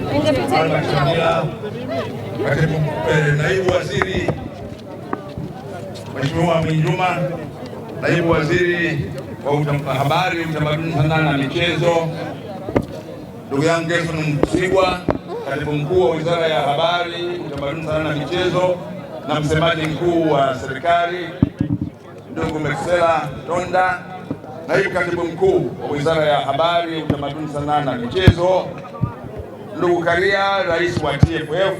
Mama Samia, katibu naibu waziri Mheshimiwa Mwinjuma, naibu waziri wa habari, utamaduni, sanaa na michezo, ndugu yangu Gerson Msigwa, katibu mkuu wa wizara ya habari, utamaduni, sanaa na michezo na msemaji mkuu wa serikali ndugu Meksela Tonda, naibu katibu mkuu wa wizara ya habari, utamaduni, sanaa na michezo ndugu Karia, rais wa TFF,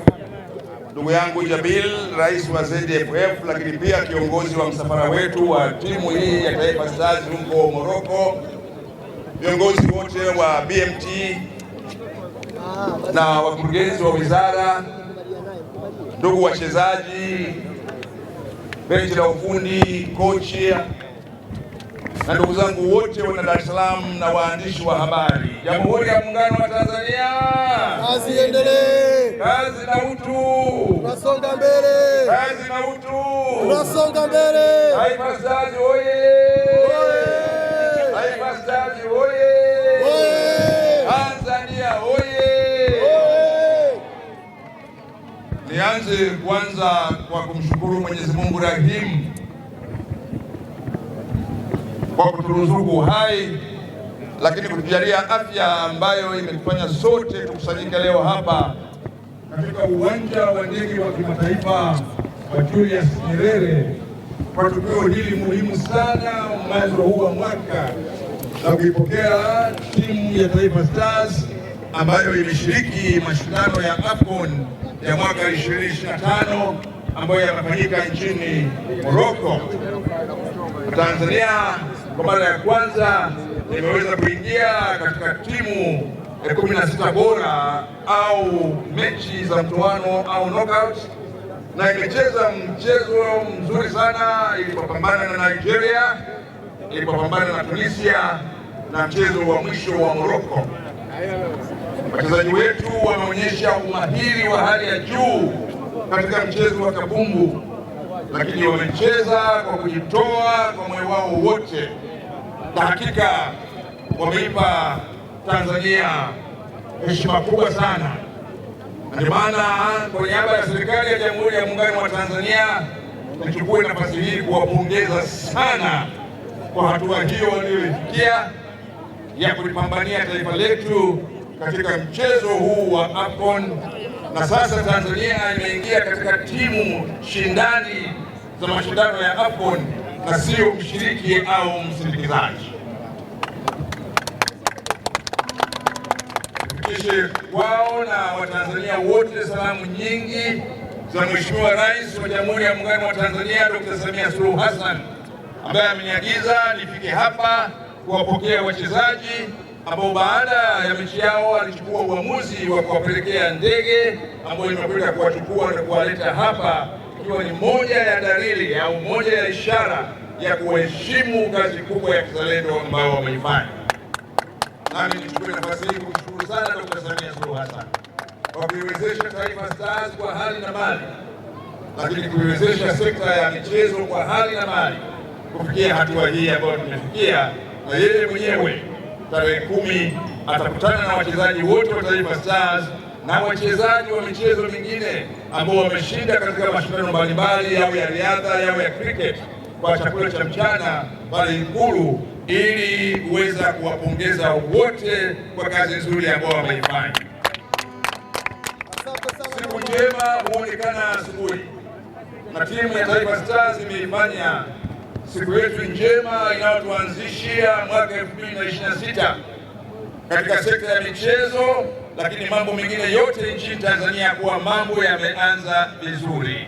ndugu yangu Jabil, rais wa ZFF, lakini pia kiongozi wa msafara wetu wa timu hii ya Taifa Stars huko Morocco, viongozi wote wa BMT na wakurugenzi wa wizara, ndugu wachezaji, benchi la ufundi, kochi na ndugu zangu wote wana Dar es Salaam na waandishi wa habari Jamhuri ya Muungano wa Tanzania. Kazi endelee, kazi na utu, tunasonga mbele, kazi na utu, tunasonga mbele. Taifa Stars oye! Taifa Stars oye! Tanzania oye! Nianze kwanza kwa kumshukuru Mwenyezi Mungu rahimu kwa kuturuzuku hai lakini kutujalia afya ambayo imetufanya sote tukusanyike leo hapa katika uwanja wa ndege wa kimataifa wa Julius Nyerere kwa tukio hili muhimu sana mwanzo huu wa mwaka na kuipokea timu ya Taifa Stars ambayo ilishiriki mashindano ya AFCON ya mwaka 2025 ambayo yanafanyika nchini Morocco. Tanzania kwa mara ya kwanza nimeweza kuingia katika timu ya kumi na sita bora au mechi za mtoano au knockout, na imecheza mchezo mzuri sana ilipopambana na Nigeria, ilipopambana na Tunisia na mchezo wa mwisho wa Morocco. Wachezaji wetu wameonyesha umahiri wa hali ya juu katika mchezo wa kabumbu, lakini wamecheza kwa kujitoa kwa moyo wao wote na hakika wameipa Tanzania heshima kubwa sana, na ndio maana kwa niaba ya serikali ya Jamhuri ya Muungano wa Tanzania nichukue nafasi hii kuwapongeza sana kwa hatua hiyo waliyoifikia ya kulipambania taifa letu katika mchezo huu wa AFCON na sasa Tanzania imeingia katika timu shindani za mashindano ya AFCON na sio mshiriki au msindikizaji. Kishe wao na Watanzania wote salamu nyingi za Mheshimiwa Rais wa Jamhuri ya Muungano wa Tanzania Dr. Samia Suluhu Hassan ambaye ameniagiza nifike hapa kuwapokea wachezaji ambao baada ya mechi yao alichukua uamuzi wa kuwapelekea ndege ambayo imekwenda kuwachukua na kuwaleta hapa ikiwa ni moja ya dalili au moja ya ishara ya kuheshimu kazi kubwa ya kizalendo ambao wameifanya. Nami nichukue nafasi hii kumshukuru sana Dkt. Samia Suluhu Hassan kwa kuiwezesha Taifa Stars kwa hali na mali, lakini kuiwezesha sekta ya michezo kwa hali na mali kufikia hatua hii ambayo tumefikia, na yeye mwenyewe tarehe kumi atakutana na wachezaji wote wa Taifa Stars na wachezaji wa michezo mingine ambao wameshinda katika mashindano mbalimbali au ya riadha au ya cricket kwa chakula cha mchana pale Ikulu ili kuweza kuwapongeza wote kwa kazi nzuri ambayo wameifanya. Siku njema huonekana asubuhi, na timu ya Taifa Stars imeifanya siku yetu njema inayotuanzishia mwaka 2026 katika sekta ya michezo lakini mambo mengine yote nchini Tanzania kuwa mambo yameanza vizuri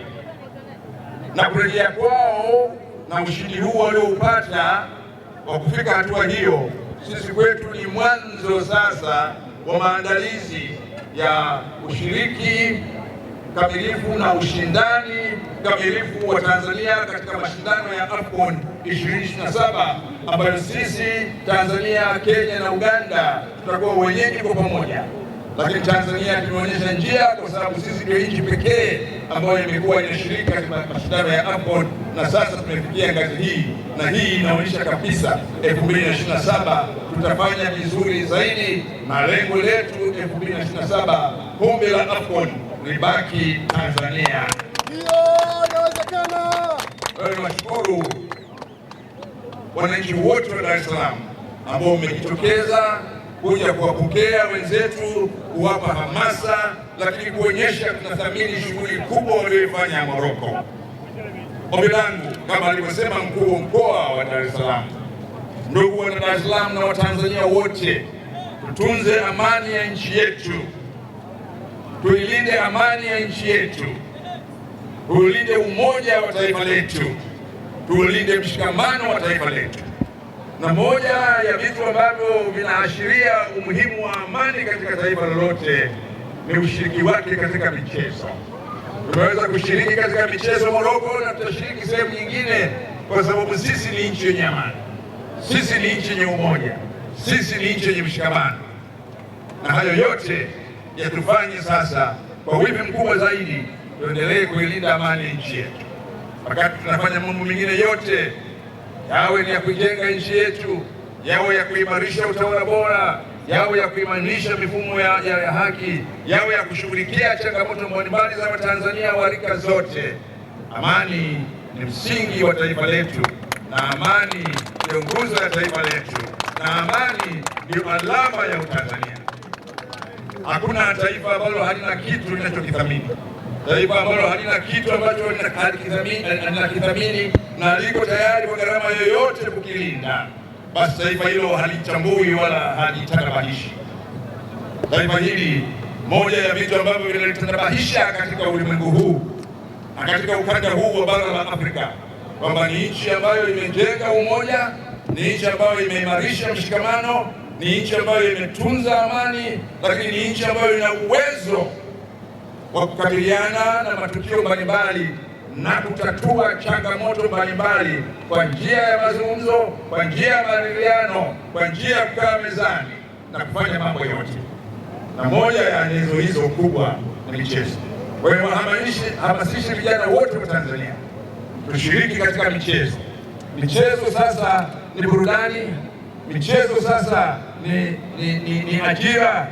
na kurejea kwao na ushindi huu walioupata wa kufika hatua hiyo, sisi kwetu ni mwanzo sasa wa maandalizi ya ushiriki kamilifu na ushindani kamilifu wa Tanzania katika mashindano ya AFCON 2027 ambayo sisi Tanzania, Kenya na Uganda tutakuwa wenyeji kwa pamoja lakini Tanzania tumeonyesha njia, kwa sababu sisi ndio nchi pekee ambayo imekuwa inashiriki katika mashindano ya AFCON na sasa tumefikia ngazi hii, na hii inaonyesha kabisa 2027 tutafanya vizuri zaidi. na lengo letu 2027 kombe la AFCON libaki Tanzania. Ndio inawezekana. Niwashukuru wananchi wote wa Dar es Salaam ambao umejitokeza kuja kuwapokea wenzetu, kuwapa hamasa, lakini kuonyesha tunathamini shughuli kubwa walioifanya Moroko. Ombi langu kama alivyosema mkuu wa mkoa wa Dar es Salaam, ndugu wana Dar es Salaam na Watanzania wote, tutunze amani ya nchi yetu, tuilinde amani ya nchi yetu, tuulinde umoja wa taifa letu, tuulinde mshikamano wa taifa letu na moja ya vitu ambavyo vinaashiria umuhimu wa amani katika taifa lolote ni ushiriki wake katika michezo. Tumeweza kushiriki katika michezo Moroko, na tutashiriki sehemu nyingine, kwa sababu sisi ni nchi yenye amani, sisi ni nchi yenye umoja, sisi ni nchi yenye mshikamano, na hayo yote yatufanye sasa kwa wivi mkubwa zaidi tuendelee kuilinda amani ya nchi yetu, wakati tunafanya mambo mengine yote yawe ni ya kuijenga nchi yetu, yawe ya kuimarisha utawala bora, yawe ya kuimarisha mifumo ya, ya, ya haki, yawe ya kushughulikia changamoto mbalimbali za Watanzania wa rika zote. Amani ni msingi wa taifa letu, na amani ndio nguzo ya taifa letu, na amani ndio alama ya Utanzania. Hakuna taifa ambalo halina kitu linachokithamini, taifa ambalo halina kitu ambacho linakithamini na liko tayari kwa gharama yoyote kukilinda, basi taifa hilo halichambui wala halitanabahishi. Taifa hili moja ya vitu ambavyo vinalitanabahisha katika ulimwengu huu na katika ukanda huu wa bara la Afrika kwamba ni nchi ambayo imejenga umoja, ni nchi ambayo imeimarisha mshikamano, ni nchi ambayo imetunza amani, lakini ni nchi ambayo ina uwezo wa kukabiliana na matukio mbalimbali na kutatua changamoto mbalimbali kwa njia ya mazungumzo, kwa njia ya maridhiano, kwa njia ya kukaa mezani na kufanya mambo yote, na moja ya nyenzo hizo kubwa ni michezo. Kwa hiyo hamasishi vijana wote wa Tanzania tushiriki katika michezo. Michezo sasa ni burudani, michezo sasa ni, ni, ni, ni ajira.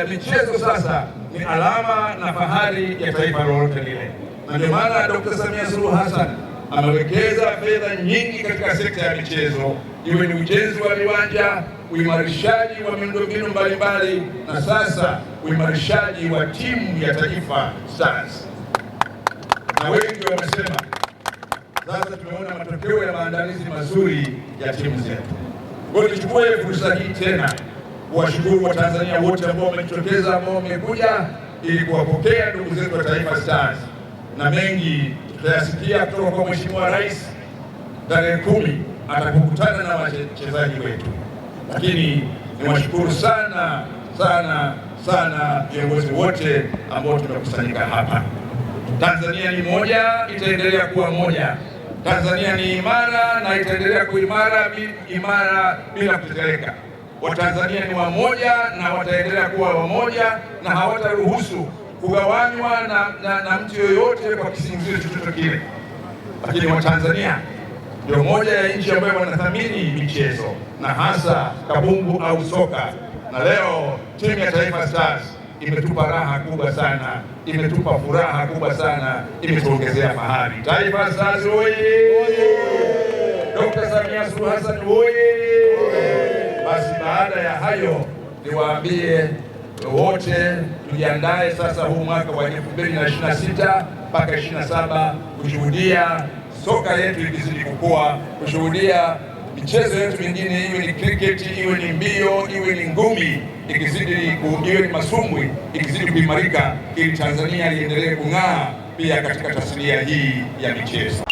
E, michezo sasa ni alama na fahari ya taifa lolote lile na ndio maana Dkt. Samia Suluhu Hassan amewekeza fedha nyingi katika sekta ya michezo, iwe ni ujenzi wa viwanja, uimarishaji wa miundombinu mbalimbali, na sasa uimarishaji wa timu ya taifa Stars. Na wengi wamesema sasa tumeona matokeo ya maandalizi mazuri ya timu zetu. Kwa hiyo nichukue fursa hii tena kuwashukuru Watanzania wote ambao wamejitokeza, ambao wamekuja ili kuwapokea ndugu zetu wa Taifa Stars na mengi tutayasikia kutoka kwa Mheshimiwa Rais tarehe kumi atakukutana na wachezaji wetu, lakini niwashukuru sana sana sana viongozi wote ambao tumekusanyika hapa. Tanzania ni moja, itaendelea kuwa moja. Tanzania ni imara na itaendelea kuimara imara bila kutetereka. Watanzania ni wamoja na wataendelea kuwa wamoja na hawataruhusu kugawanywa na, na, na mtu yoyote kwa kisingizio chochote kile, lakini Watanzania ndio moja ya nchi ambayo wanathamini michezo na hasa kabumbu au soka, na leo timu ya Taifa Stars imetupa raha kubwa sana, imetupa furaha kubwa sana, imetuongezea fahari. Taifa Stars oye! Dkt. Samia Suluhu Hassan oye! Basi baada ya hayo niwaambie wote tujiandae sasa huu mwaka wa 2026 mpaka 27 kushuhudia soka yetu ikizidi kukua, kushuhudia michezo yetu mingine, iwe ni cricket, iwe ni mbio, iwe ni ngumi, ikizidi iwe ni masumbwi, ikizidi kuimarika, ili Tanzania iendelee kung'aa pia katika tasnia hii ya michezo.